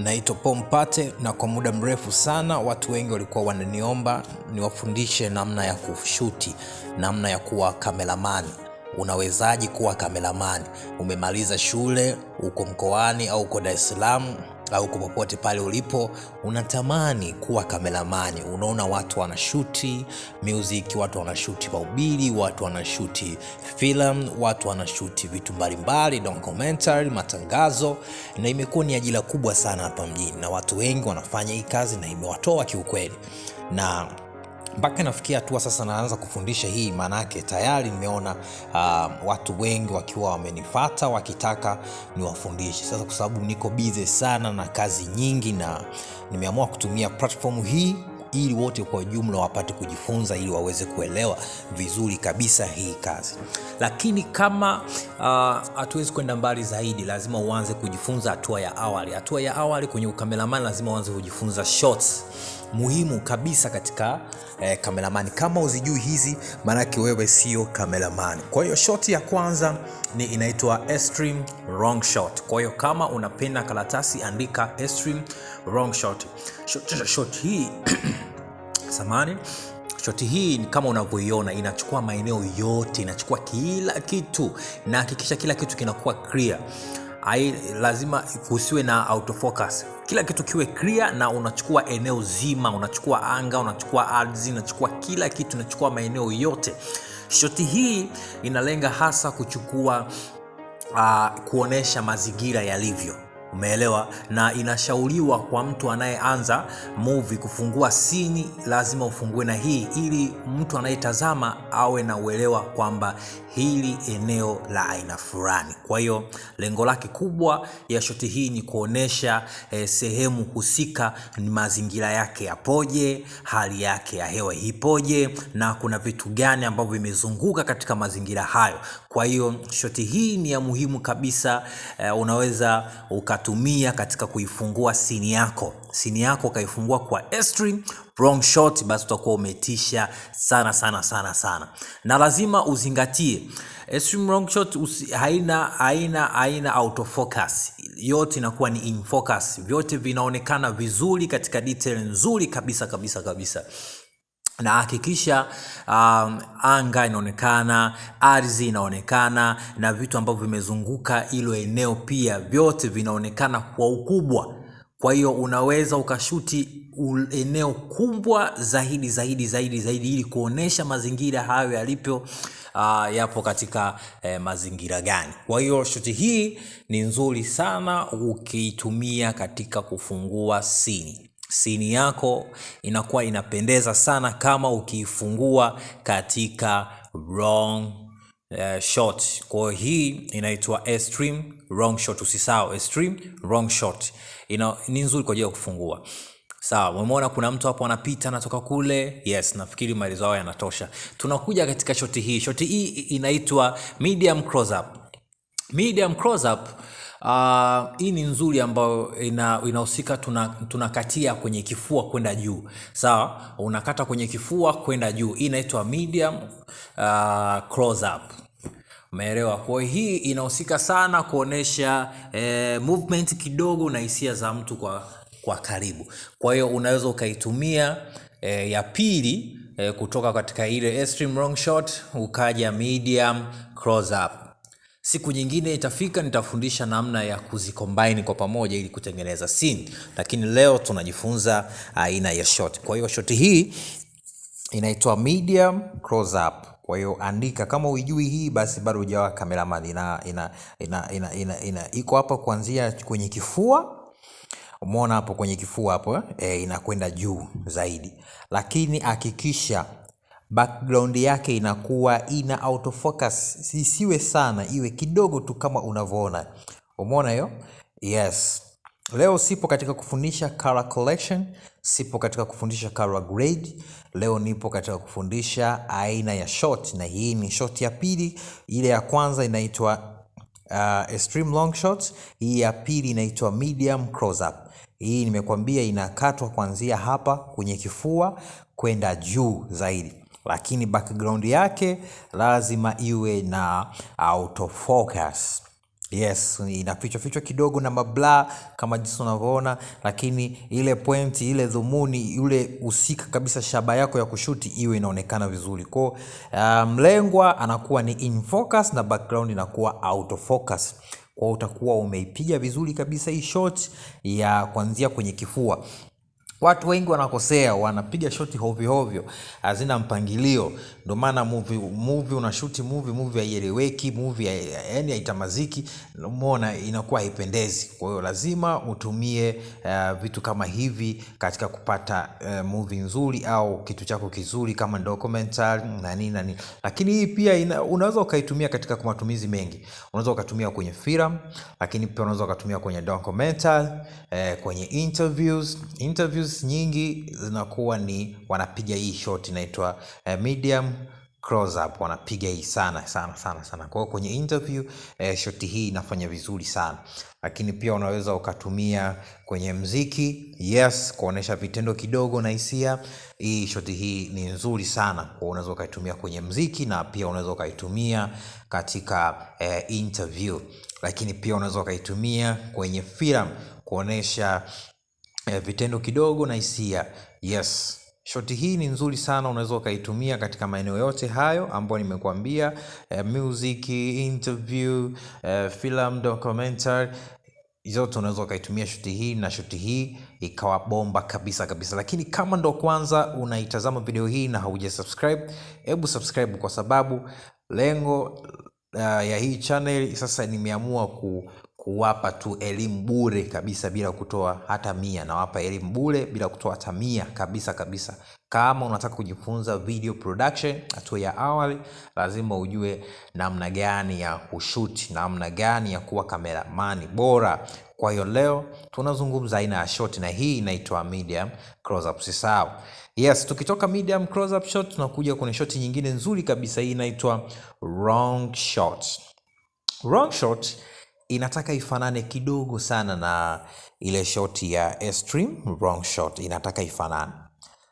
Naitwa Pompate na kwa muda mrefu sana watu wengi walikuwa wananiomba niwafundishe namna ya kushuti, namna ya kuwa kameramani. Unawezaji kuwa kameramani? Umemaliza shule, uko mkoani au uko Dar es Salaam, au popote pale ulipo unatamani kuwa kameramani. Unaona watu wanashuti muziki, watu wanashuti mahubiri, watu wanashuti film watu wanashuti vitu mbalimbali, documentary, matangazo, na imekuwa ni ajira kubwa sana hapa mjini, na watu wengi wanafanya hii kazi na imewatoa kiukweli na mpaka nafikia hatua sasa naanza kufundisha hii, maanake tayari nimeona uh, watu wengi wakiwa wamenifata wakitaka niwafundishe. Sasa kwa sababu niko bize sana na kazi nyingi, na nimeamua kutumia platform hii ili wote kwa jumla wapate kujifunza ili waweze kuelewa vizuri kabisa hii kazi. Lakini kama uh, hatuwezi uh, kwenda mbali zaidi, lazima uanze kujifunza hatua ya awali. Hatua ya awali kwenye ukamelamani lazima uanze kujifunza shots muhimu kabisa katika eh, kameramani. Kama uzijui hizi, maanake wewe sio kameramani. Kwa hiyo shot ya kwanza ni inaitwa extreme wrong shot. Kwa hiyo kama unapenda karatasi, andika extreme wrong shot. Shot, shot hii samani Shoti hii kama unavyoiona inachukua maeneo yote, inachukua kila kitu, na hakikisha kila kitu kinakuwa clear ai, lazima kusiwe na autofocus kila kitu kiwe clear na unachukua eneo zima unachukua anga unachukua ardhi unachukua kila kitu unachukua maeneo yote shoti hii inalenga hasa kuchukua uh, kuonesha mazingira yalivyo Umeelewa? Na inashauriwa kwa mtu anayeanza movie kufungua sini, lazima ufungue na hii, ili mtu anayetazama awe na uelewa kwamba hili eneo la aina fulani. Kwa hiyo lengo lake kubwa ya shoti hii ni kuonesha eh, sehemu husika, ni mazingira yake yapoje, hali yake ya hewa ipoje, na kuna vitu gani ambavyo vimezunguka katika mazingira hayo. Kwa hiyo shoti hii ni ya muhimu kabisa uh, unaweza ukatumia katika kuifungua sini yako. Sini yako ukaifungua kwa estri wrong shot, basi utakuwa umetisha sana sana sana sana, na lazima uzingatie extreme wrong shot usi, haina haina haina autofocus, yote inakuwa ni in focus, vyote vinaonekana vizuri katika detail nzuri kabisa kabisa kabisa na hakikisha um, anga inaonekana, ardhi inaonekana, na vitu ambavyo vimezunguka hilo eneo pia vyote vinaonekana kwa ukubwa. Kwa hiyo unaweza ukashuti eneo kubwa zaidi zaidi zaidi zaidi ili kuonesha mazingira hayo yalipyo uh, yapo katika eh, mazingira gani. Kwa hiyo shuti hii ni nzuri sana ukiitumia katika kufungua sini sini yako inakuwa inapendeza sana kama ukiifungua katika wrong uh, shot. Kwa hii inaitwa extreme wrong shot, usisahau extreme wrong shot. Ina ni nzuri kwa ajili ya kufungua. Sawa, umeona kuna mtu hapo anapita anatoka kule. Yes, nafikiri maelezo yao yanatosha. Tunakuja katika shoti hii. Shoti hii inaitwa medium close up. Medium close up Uh, hii ni nzuri ambayo inahusika ina tunakatia tuna kwenye kifua kwenda juu sawa, unakata kwenye kifua kwenda juu. Hii inaitwa medium uh, close up. Umeelewa? Kwa hii inahusika sana kuonesha eh, movement kidogo na hisia za mtu kwa, kwa karibu. Kwa hiyo unaweza ukaitumia eh, ya pili eh, kutoka katika ile extreme long shot ukaja medium close up. Siku nyingine itafika nitafundisha namna ya kuzikombine kwa pamoja ili kutengeneza scene, lakini leo tunajifunza aina ya shot. Kwa hiyo shot hii inaitwa medium close up. Kwa hiyo andika, kama uijui hii basi bado hujawa cameraman. Ina, ina, ina, ina, ina, ina iko hapa kuanzia kwenye kifua umeona hapo kwenye kifua hapo eh, inakwenda juu zaidi, lakini hakikisha background yake inakuwa ina autofocus isiwe sana iwe kidogo tu kama unavyoona umeona hiyo yes leo sipo katika kufundisha color collection sipo katika kufundisha color grade leo nipo katika kufundisha aina ya shot na hii ni shot ya pili ile ya kwanza inaitwa uh, extreme long shot hii ya pili inaitwa medium close up hii nimekuambia inakatwa kuanzia hapa kwenye kifua kwenda juu zaidi lakini background yake lazima iwe na autofocus yes inafichwa fichwa kidogo na mabla kama jinsi unavyoona lakini ile pointi ile dhumuni yule husika kabisa shaba yako ya kushuti iwe inaonekana vizuri ko ah, mlengwa um, anakuwa ni in focus na background inakuwa out of focus kwa utakuwa umeipiga vizuri kabisa hii shot ya kuanzia kwenye kifua Watu wengi wanakosea, wanapiga shoti hovyohovyo, hazina mpangilio. Ndio maana movie movie unashuti movie movie haieleweki, movie yani haitamaziki, umeona, inakuwa haipendezi. Kwa hiyo lazima utumie uh, vitu kama hivi katika kupata uh, movie nzuri au kitu chako kizuri kama documentary na nini na nini, lakini hii pia ina, unaweza ukaitumia katika matumizi mengi. Unaweza ukatumia kwenye film, lakini pia unaweza ukatumia kwenye documentary eh, kwenye interviews interviews chances nyingi zinakuwa ni wanapiga hii shot inaitwa eh, medium close up wanapiga hii sana sana sana sana. Kwa hiyo kwenye interview eh, shoti hii inafanya vizuri sana, lakini pia unaweza ukatumia kwenye mziki, yes, kuonesha vitendo kidogo na hisia. Hii shoti hii ni nzuri sana kwa, unaweza ukaitumia kwenye mziki na pia unaweza ukaitumia katika eh, interview, lakini pia unaweza ukaitumia kwenye film kuonesha e, vitendo kidogo na hisia. Yes. Shoti hii ni nzuri sana, unaweza ukaitumia katika maeneo yote hayo ambayo nimekuambia, e, music, interview, e, film, documentary zote unaweza ukaitumia shoti hii na shoti hii ikawa bomba kabisa kabisa. Lakini kama ndo kwanza unaitazama video hii na hauja subscribe, hebu subscribe, kwa sababu lengo uh, ya hii channel sasa nimeamua ku huwapa tu elimu bure kabisa bila kutoa hata mia. Nawapa elimu bure bila kutoa hata mia kabisa kabisa. Kama unataka kujifunza video production hatua ya awali, lazima ujue namna gani ya kushuti, namna gani ya kuwa kameramani bora. Kwa hiyo leo tunazungumza aina ya shot, na hii inaitwa medium close up. Usisahau yes, tukitoka medium close up shot tunakuja kwenye shot nyingine nzuri kabisa. Hii inaitwa wrong shot. Long shot inataka ifanane kidogo sana na ile shoti ya Extreme Wrong Shot, inataka ifanane,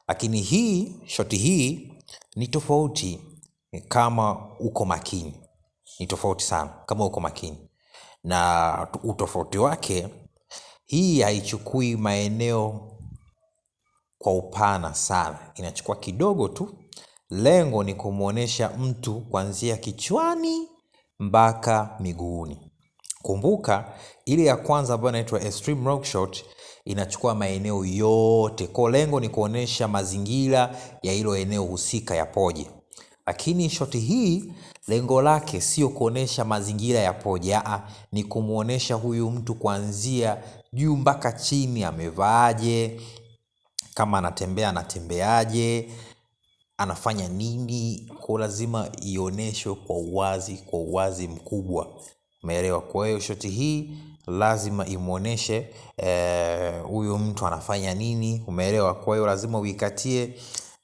lakini hii shoti hii ni tofauti kama uko makini, ni tofauti sana kama uko makini, na utofauti wake hii haichukui maeneo kwa upana sana, inachukua kidogo tu. Lengo ni kumwonyesha mtu kuanzia kichwani mpaka miguuni. Kumbuka ile ya kwanza ambayo inaitwa extreme rock shot inachukua maeneo yote, kwa lengo ni kuonesha mazingira ya hilo eneo husika yapoje. Lakini shoti hii lengo lake sio kuonesha mazingira yapoje, a ni kumuonesha huyu mtu kuanzia juu mpaka chini amevaaje, kama anatembea anatembeaje, anafanya nini, kwa lazima ionyeshwe kwa uwazi, kwa uwazi mkubwa. Umeelewa? Kwa hiyo shoti hii lazima imwonyeshe eh, huyu e, mtu anafanya nini. Umeelewa? Kwa hiyo lazima uikatie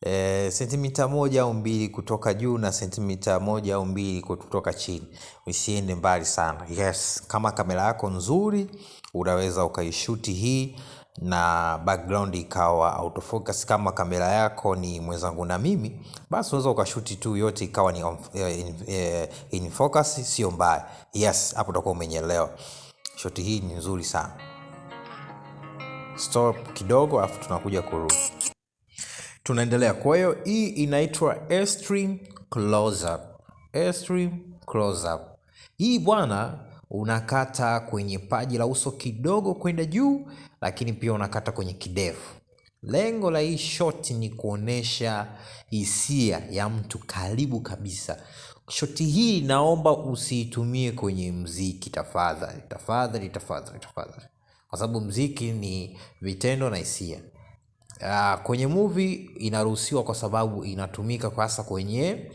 e, sentimita moja au mbili kutoka juu na sentimita moja au mbili kutoka chini, usiende mbali sana. Yes, kama kamera yako nzuri unaweza ukaishuti hii na background ikawa autofocus kama kamera yako ni mwenzangu na mimi basi unaweza ukashuti tu yote ikawa ni on, eh, in, uh, in focus sio mbaya yes hapo utakuwa umenyelewa shoti hii ni nzuri sana stop kidogo alafu tunakuja kurudi tunaendelea kwa hiyo hii inaitwa extreme close up extreme close up hii bwana unakata kwenye paji la uso kidogo kwenda juu, lakini pia unakata kwenye kidevu. Lengo la hii shoti ni kuonesha hisia ya mtu karibu kabisa. Shoti hii naomba usiitumie kwenye mziki tafadhali, tafadhali, tafadhali, tafadhali, kwa sababu mziki ni vitendo na hisia. Ah, kwenye movie inaruhusiwa kwa sababu inatumika hasa kwenye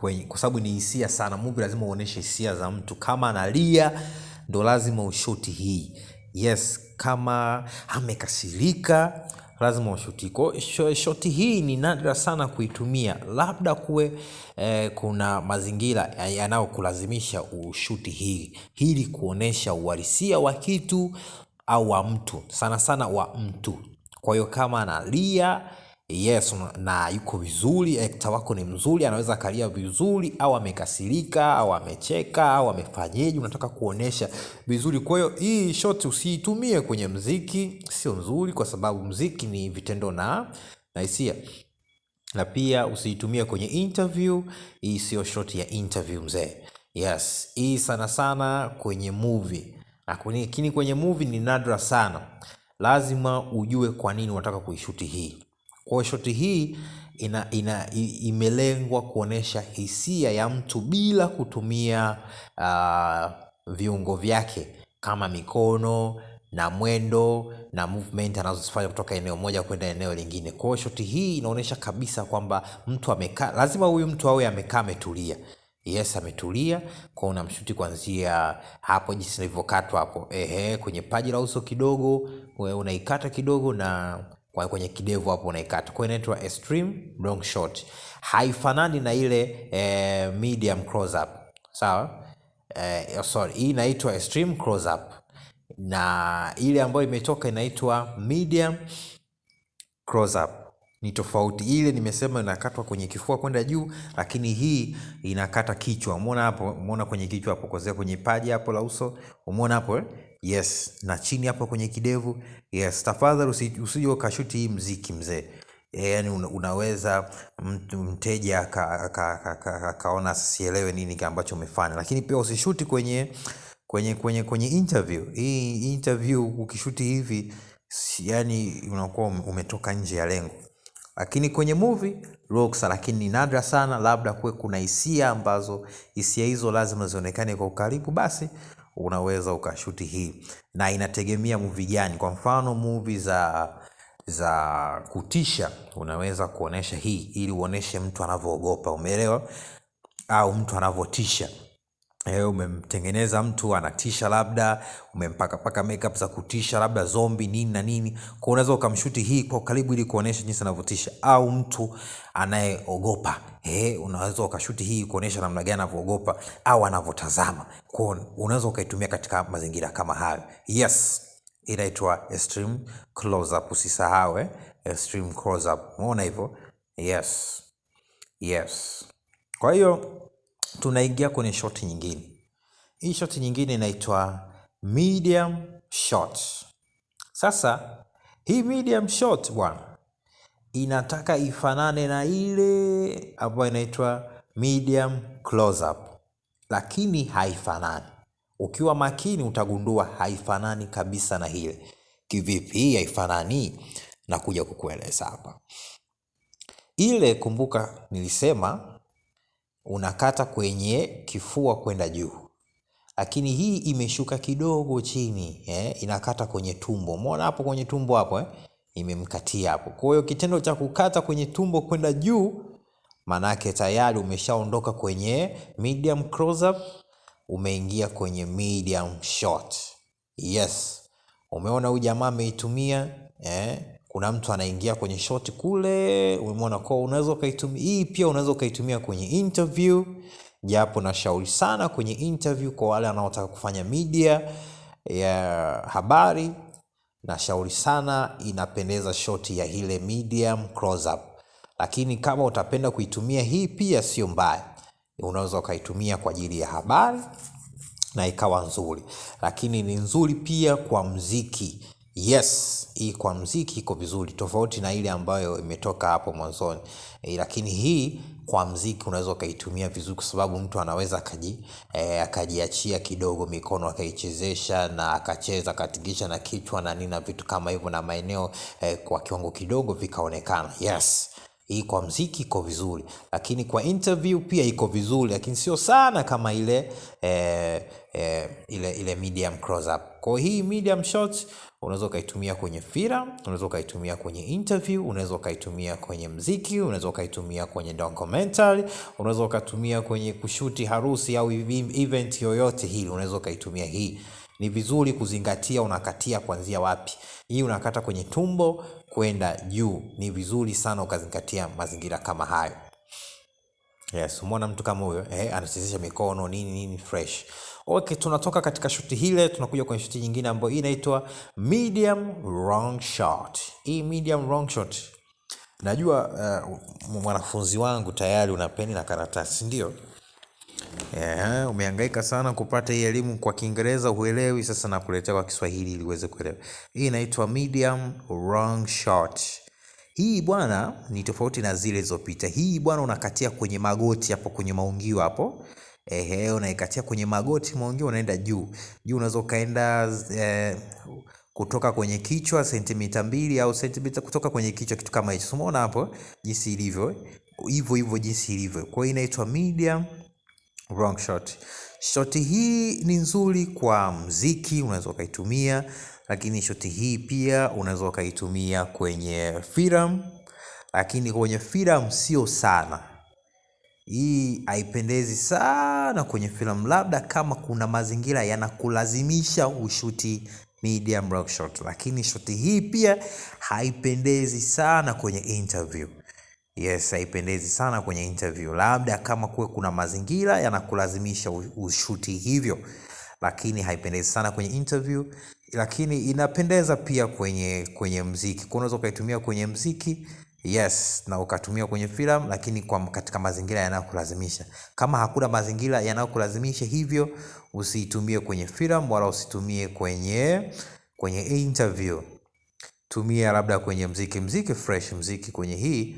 kwenye, kwa sababu ni hisia sana. Movie lazima uoneshe hisia za mtu, kama analia ndo lazima ushuti hii, yes, kama amekasirika lazima ushuti. Kwa shoti hii ni nadra sana kuitumia, labda kuwe eh, kuna mazingira yanayokulazimisha ushuti hii ili kuonesha uhalisia wa kitu au wa mtu, sana sana wa mtu. Kwa hiyo kama analia yes na yuko vizuri, actor wako ni mzuri, anaweza akalia vizuri au amekasirika au amecheka au amefanyeje, unataka kuonesha vizuri. Kwa hiyo hii shot usiitumie kwenye mziki, sio nzuri, kwa sababu mziki ni vitendo na na hisia na pia usiitumie kwenye interview. Hii sio shot ya interview mzee. Yes, hii sana sana kwenye movie, lakini kwenye movie ni nadra sana. Lazima ujue kwa nini unataka kuishuti hii. Kwa shoti hii ina, ina, imelengwa kuonyesha hisia ya mtu bila kutumia uh, viungo vyake kama mikono na mwendo na movement anazozifanya kutoka eneo moja kwenda eneo lingine. kwao shoti hii inaonyesha kabisa kwamba mtu amekaa, lazima huyu mtu awe amekaa ametulia. Yes, ametulia kwa unamshuti kuanzia hapo jinsi ilivyokatwa hapo, ehe, kwenye paji la uso kidogo, unaikata kidogo na kwa kwenye kidevu hapo unaikata, kwa inaitwa extreme long shot. Haifanani na ile eh, medium close up, sawa eh, oh, sorry, hii inaitwa extreme close up na ile ambayo imetoka inaitwa medium close up ni tofauti. Ile nimesema inakatwa kwenye kifua kwenda juu, lakini hii inakata kichwa. Umeona hapo, umeona kwenye kichwa hapo, kozea kwenye paji hapo la uso, umeona hapo eh? yes, na chini hapo kwenye kidevu yes. Tafadhali usije ukashuti hii mziki mzee. Yaani unaweza mteja akaona sielewe nini ambacho umefanya, lakini pia usishuti kwenye kwenye kwenye kwenye interview. Hii interview ukishuti hivi, yani unakuwa umetoka nje ya lengo. Lakini kwenye movie rocks, lakini nadra sana, labda kuwe kuna hisia ambazo hisia hizo lazima zionekane kwa ukaribu, basi unaweza ukashuti hii, na inategemea muvi gani. Kwa mfano muvi za za kutisha unaweza kuonesha hii ili uoneshe mtu anavyoogopa, umeelewa? Au mtu anavyotisha e, umemtengeneza mtu anatisha, labda umempaka paka makeup za kutisha, labda zombi nini na nini, kwa unaweza ukamshuti hii kwa karibu ili kuonesha jinsi anavyotisha, au mtu anayeogopa He, eh, unaweza ukashuti hii kuonesha namna gani anavyoogopa au anavyotazama. Kwa unaweza ukaitumia katika mazingira kama hayo. Yes, inaitwa extreme close up, usisahau eh, extreme close up. Umeona hivyo? Yes, yes. Kwa hiyo tunaingia kwenye shoti nyingine. Hii shoti nyingine inaitwa medium shot. Sasa hii medium shot bwana inataka ifanane na ile ambayo inaitwa medium close up, lakini haifanani. Ukiwa makini utagundua haifanani kabisa na ile. Kivipi hii haifanani? Nakuja kukueleza hapa. Ile kumbuka, nilisema unakata kwenye kifua kwenda juu, lakini hii imeshuka kidogo chini eh, inakata kwenye tumbo. Umeona hapo kwenye tumbo hapo eh, imemkatia hapo. Kwa hiyo kitendo cha kukata kwenye tumbo kwenda juu, manake tayari umeshaondoka kwenye medium close up, umeingia kwenye medium short. Yes, umeona huyu jamaa ameitumia eh, kuna mtu anaingia kwenye shoti kule umemwona ko unaweza ukaitumia hii pia unaweza ukaitumia kwenye interview japo nashauri sana kwenye interview kwa wale wanaotaka kufanya media ya habari nashauri sana inapendeza shoti ya ile medium close up lakini kama utapenda kuitumia hii pia sio mbaya unaweza ukaitumia kwa ajili ya habari na ikawa nzuri lakini ni nzuri pia kwa mziki Yes, hii kwa mziki iko vizuri tofauti na ile ambayo imetoka hapo mwanzoni e, lakini hii kwa mziki unaweza ukaitumia vizuri kwa sababu mtu anaweza akaji e, akajiachia kidogo mikono akaichezesha na akacheza akatigisha na kichwa na nini na vitu kama hivyo na maeneo e, kwa kiwango kidogo vikaonekana. Yes, hii kwa mziki iko vizuri, lakini kwa interview pia iko vizuri, lakini sio sana kama ile e, e, ile ile medium close up. Kwa hii medium shots Unaweza ukaitumia kwenye fira, unaweza ukaitumia kwenye interview, unaweza ukaitumia kwenye mziki, unaweza ukaitumia kwenye documentary, unaweza ukatumia kwenye kushuti harusi au event yoyote. Hili unaweza ukaitumia hii. Ni vizuri kuzingatia unakatia kuanzia wapi. Hii unakata kwenye tumbo kwenda juu, ni vizuri sana ukazingatia mazingira kama hayo. Yes, umeona mtu kama huyo eh, anachezesha mikono nini nini fresh. Okay, tunatoka katika shoti hile tunakuja kwenye shoti nyingine ambayo hii inaitwa medium long shot. Hii medium long shot najua uh, mwanafunzi wangu tayari una peni na karatasi ndio? Yeah, umehangaika sana kupata hii elimu kwa Kiingereza huelewi, sasa nakuletea kwa Kiswahili ili uweze kuelewa. Hii inaitwa medium long shot. Hii bwana ni tofauti na zile zilizopita. Hii bwana unakatia kwenye magoti hapo kwenye maungio hapo ehe, unaikatia kwenye magoti, mwaongea unaenda juu juu, unaweza ukaenda eh, kutoka kwenye kichwa sentimita mbili au sentimita kutoka kwenye kichwa, kitu kama hicho. Umeona hapo jinsi ilivyo, hivyo hivyo jinsi ilivyo. Kwa hiyo inaitwa medium long shot. Shoti hii ni nzuri kwa mziki, unaweza ukaitumia, lakini shoti hii pia unaweza ukaitumia kwenye filamu, lakini kwenye filamu sio sana hii haipendezi sana kwenye filamu, labda kama kuna mazingira yanakulazimisha ushuti medium rock shot, lakini shoti hii pia haipendezi sana kwenye interview. Yes, haipendezi sana kwenye interview, labda kama kuwe kuna mazingira yanakulazimisha ushuti hivyo, lakini haipendezi sana kwenye interview, lakini inapendeza pia kwenye kwenye mziki, kwa unaweza ukaitumia kwenye mziki yes na ukatumia kwenye filamu lakini kwa katika mazingira yanayokulazimisha kama hakuna mazingira yanayokulazimisha hivyo usiitumie kwenye filamu wala usitumie kwenye kwenye interview tumia labda kwenye mziki mziki fresh mziki kwenye hii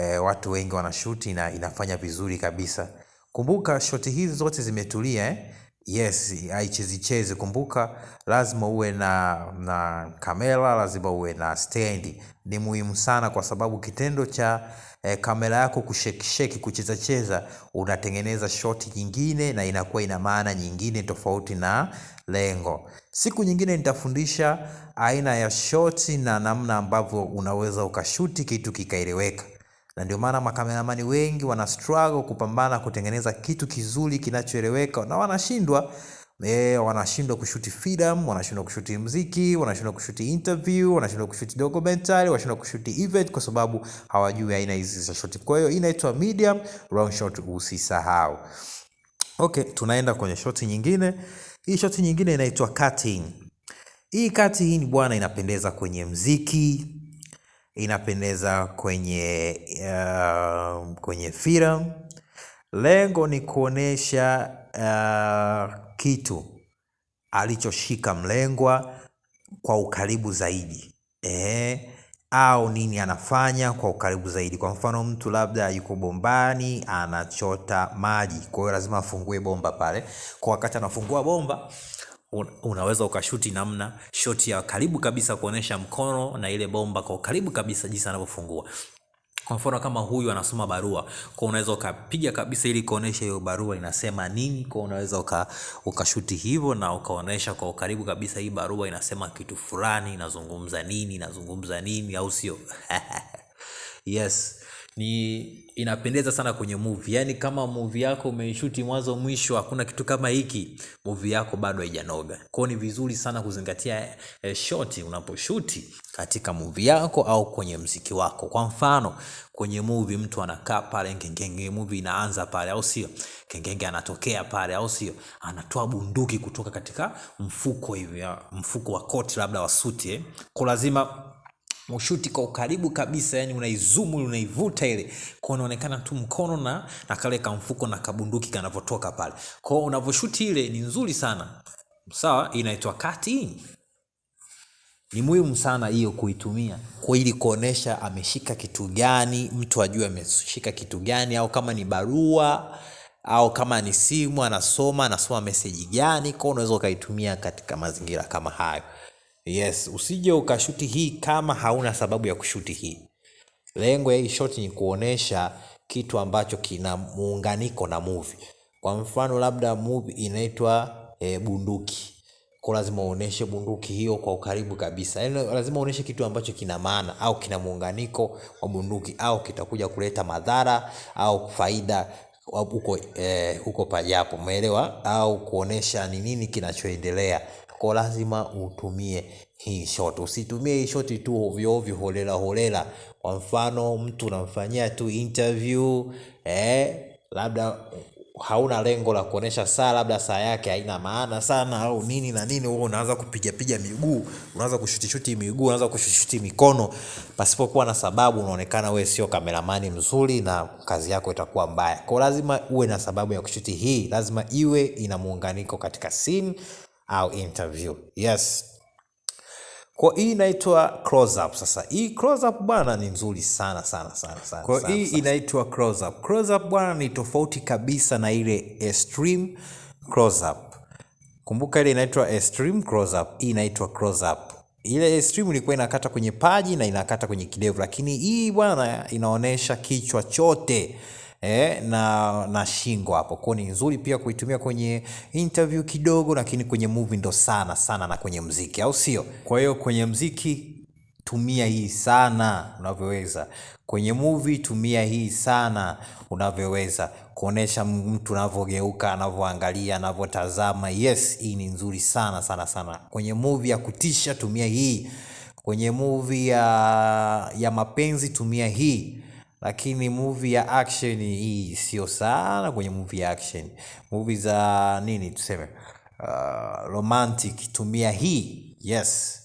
e, watu wengi wanashuti na inafanya vizuri kabisa kumbuka shoti hizi zote zimetulia eh? yes haichezichezi kumbuka lazima uwe na, na kamera lazima uwe na stendi ni muhimu sana kwa sababu kitendo cha eh, kamera yako kushekisheki kuchezacheza unatengeneza shoti nyingine na inakuwa ina maana nyingine tofauti na lengo siku nyingine nitafundisha aina ya shoti na namna ambavyo unaweza ukashuti kitu kikaeleweka na ndio maana makameramani wengi wana struggle kupambana kutengeneza kitu kizuri kinachoeleweka na wanashindwa E, wanashindwa kushuti film, wanashindwa kushuti mziki, wanashindwa kushuti interview, wanashindwa kushuti documentary, wanashindwa kushuti event kwa sababu hawajui aina hizi za shoti. Kwa hiyo inaitwa medium long shot, usisahau. Okay, tunaenda kwenye shoti nyingine. Hii shoti nyingine inaitwa cutting. Hii cutting bwana, inapendeza kwenye mziki inapendeza kwenye uh, kwenye filamu. Lengo ni kuonesha uh, kitu alichoshika mlengwa kwa ukaribu zaidi eh, au nini anafanya kwa ukaribu zaidi. Kwa mfano, mtu labda yuko bombani anachota maji, kwa hiyo lazima afungue bomba pale. Kwa wakati anafungua bomba unaweza ukashuti namna shoti ya karibu kabisa kuonesha mkono na ile bomba kwa karibu kabisa jinsi anavyofungua. Kwa mfano kama huyu anasoma barua, kwa unaweza ukapiga kabisa ili kuonesha hiyo barua inasema nini. Kwa unaweza uka, ukashuti hivyo na ukaonesha kwa ukaribu kabisa, hii barua inasema kitu fulani, inazungumza nini, inazungumza nini, au sio? Yes ni inapendeza sana kwenye movie Yani kama movie yako umeishuti mwanzo mwisho hakuna kitu kama hiki movie yako bado haijanoga kwao ni vizuri sana kuzingatia e, shoti unaposhuti katika movie yako au kwenye mziki wako kwa mfano kwenye movie mtu anakaa pale ngengenge movie inaanza pale au sio kengenge anatokea pale au sio anatoa bunduki kutoka katika mfuko hivi mfuko wa koti labda wa suti eh. kwa lazima Mshuti kwa ukaribu kabisa, yani unaizumu unaivuta ile kwa, unaonekana tu mkono na na kale mfuko na kabunduki kanavotoka pale. Kwa hiyo ile ni nzuri sana, sawa, inaitwa cut Ni muhimu sana hiyo kuitumia kwa ili kuonesha ameshika kitu gani, mtu ajue ameshika kitu gani, au kama ni barua au kama ni simu anasoma anasoma meseji gani. Kwa unaweza ukaitumia katika mazingira kama hayo. Yes, usije ukashuti hii kama hauna sababu ya kushuti hii. Lengo ya hii shot ni kuonesha kitu ambacho kina muunganiko na movie. Kwa mfano labda movie inaitwa e, bunduki kwa lazima uoneshe bunduki hiyo kwa ukaribu kabisa, yaani lazima uoneshe kitu ambacho kina maana au kina muunganiko wa bunduki au kitakuja kuleta madhara au faida huko e, huko pajapo, umeelewa? Au kuonesha ni nini kinachoendelea kwa lazima utumie hii shot. Usitumie hii shot tu ovyo ovyo holela holela. Kwa mfano mtu unamfanyia tu interview eh, labda hauna lengo la kuonesha saa, labda saa yake haina maana sana au nini na nini, wewe unaanza kupiga piga miguu, unaanza kushuti shuti miguu, unaanza kushutishuti mikono pasipo kuwa na sababu, unaonekana wewe sio kameramani mzuri na kazi yako itakuwa mbaya. Kwa lazima uwe na sababu ya kushuti hii, lazima iwe ina muunganiko katika scene au interview. Yes. Kwa hii inaitwa close up. Sasa hii close up bwana ni nzuri sana sana sana sana. Kwa hii inaitwa close up. Close up bwana ni tofauti kabisa na ile extreme close up. Kumbuka ile inaitwa extreme close up, hii inaitwa close up. Ile extreme ilikuwa inakata kwenye paji na inakata kwenye kidevu, lakini hii bwana inaonesha kichwa chote eh, na, na shingo hapo. Kwa ni nzuri pia kuitumia kwenye interview kidogo, lakini kwenye movie ndo sana sana na kwenye mziki, au sio? Kwa hiyo kwenye mziki tumia hii sana unavyoweza, kwenye movie tumia hii sana unavyoweza, kuonesha mtu anavyogeuka, anavyoangalia, anavyotazama. Yes, hii ni nzuri sana sana sana. Kwenye movie ya kutisha tumia hii, kwenye movie ya, ya mapenzi tumia hii lakini movie ya action hii sio sana kwenye movie ya action movie za nini tuseme uh, romantic tumia hii yes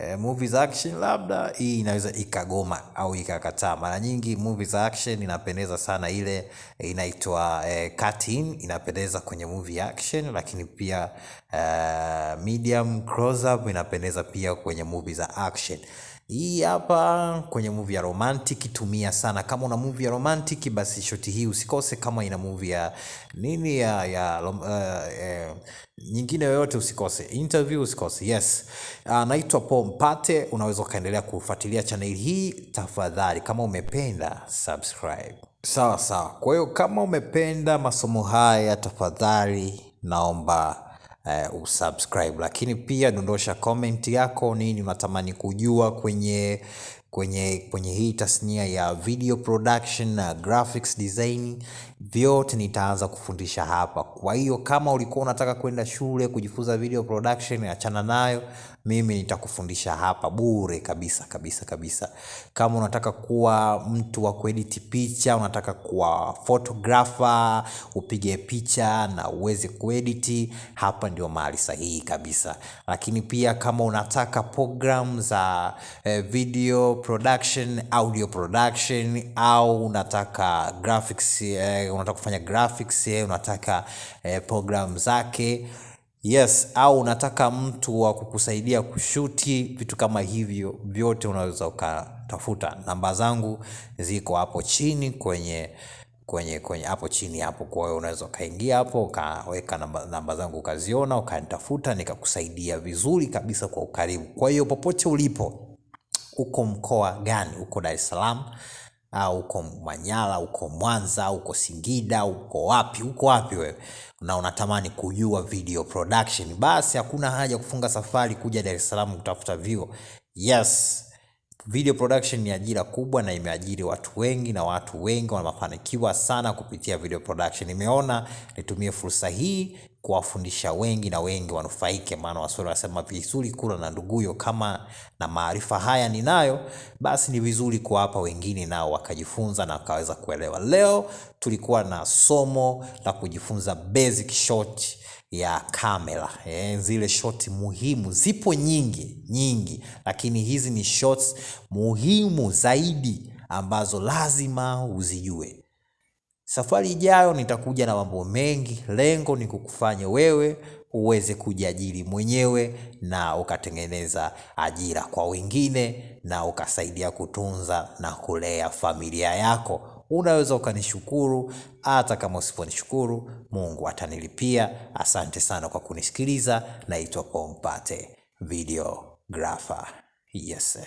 Eh, movie za action labda hii inaweza ikagoma au ikakataa. Mara nyingi movie za action inapendeza sana, ile inaitwa eh, cutting inapendeza kwenye movie action, lakini pia eh, medium close up inapendeza pia kwenye movie za action. Hii hapa kwenye movie ya romantic tumia sana. Kama una movie ya romantic basi shoti hii usikose. Kama ina movie ya nini ya, ya uh, uh, nyingine yoyote usikose, interview usikose. Yes, anaitwa ah, uh, Paul Mpate. Unaweza ukaendelea kufuatilia chaneli hii tafadhali, kama umependa subscribe. Sawa sawa. Kwa hiyo kama umependa masomo haya tafadhali, naomba uh, usubscribe, lakini pia dondosha comment yako, nini unatamani kujua kwenye kwenye, kwenye hii tasnia ya video production na graphics design vyote nitaanza kufundisha hapa kwa hiyo kama ulikuwa unataka kwenda shule kujifunza video production achana nayo mimi nitakufundisha hapa bure kabisa kabisa kabisa kama unataka kuwa mtu wa kuediti picha unataka kuwa photographer upige picha na uweze kuediti hapa ndio mahali sahihi kabisa lakini pia kama unataka program za eh, video production audio production au unataka graphics eh, unataka kufanya graphics eh, unataka eh, program zake yes au unataka mtu wa kukusaidia kushuti vitu kama hivyo vyote unaweza ukatafuta namba zangu ziko hapo chini kwenye kwenye kwenye hapo chini hapo kwa hiyo unaweza ukaingia hapo ukaweka namba, namba zangu ukaziona ukanitafuta nikakusaidia vizuri kabisa kwa ukaribu kwa hiyo popote ulipo uko mkoa gani, uko Dar es Salaam au uko Manyara, uko Mwanza, uko Singida, uko wapi, uko wapi wewe na unatamani kujua video production, basi hakuna haja kufunga safari kuja Dar es Salaam kutafuta view. Yes, video production ni ajira kubwa na imeajiri watu wengi na watu wengi wanamafanikiwa sana kupitia video production. Nimeona nitumie fursa hii kuwafundisha wengi na wengi wanufaike, maana waswahili wanasema vizuri kula na nduguyo. Kama na maarifa haya ninayo, basi ni vizuri kuwapa wengine nao wakajifunza na wakaweza kuelewa. Leo tulikuwa na somo la kujifunza basic shot ya kamera e, zile shoti muhimu zipo nyingi nyingi, lakini hizi ni shots muhimu zaidi ambazo lazima uzijue. Safari ijayo nitakuja na mambo mengi, lengo ni kukufanya wewe uweze kujiajiri mwenyewe na ukatengeneza ajira kwa wengine na ukasaidia kutunza na kulea familia yako. Unaweza ukanishukuru, hata kama usiponishukuru Mungu atanilipia. Asante sana kwa kunisikiliza. Naitwa Pompate Videographer. Yes.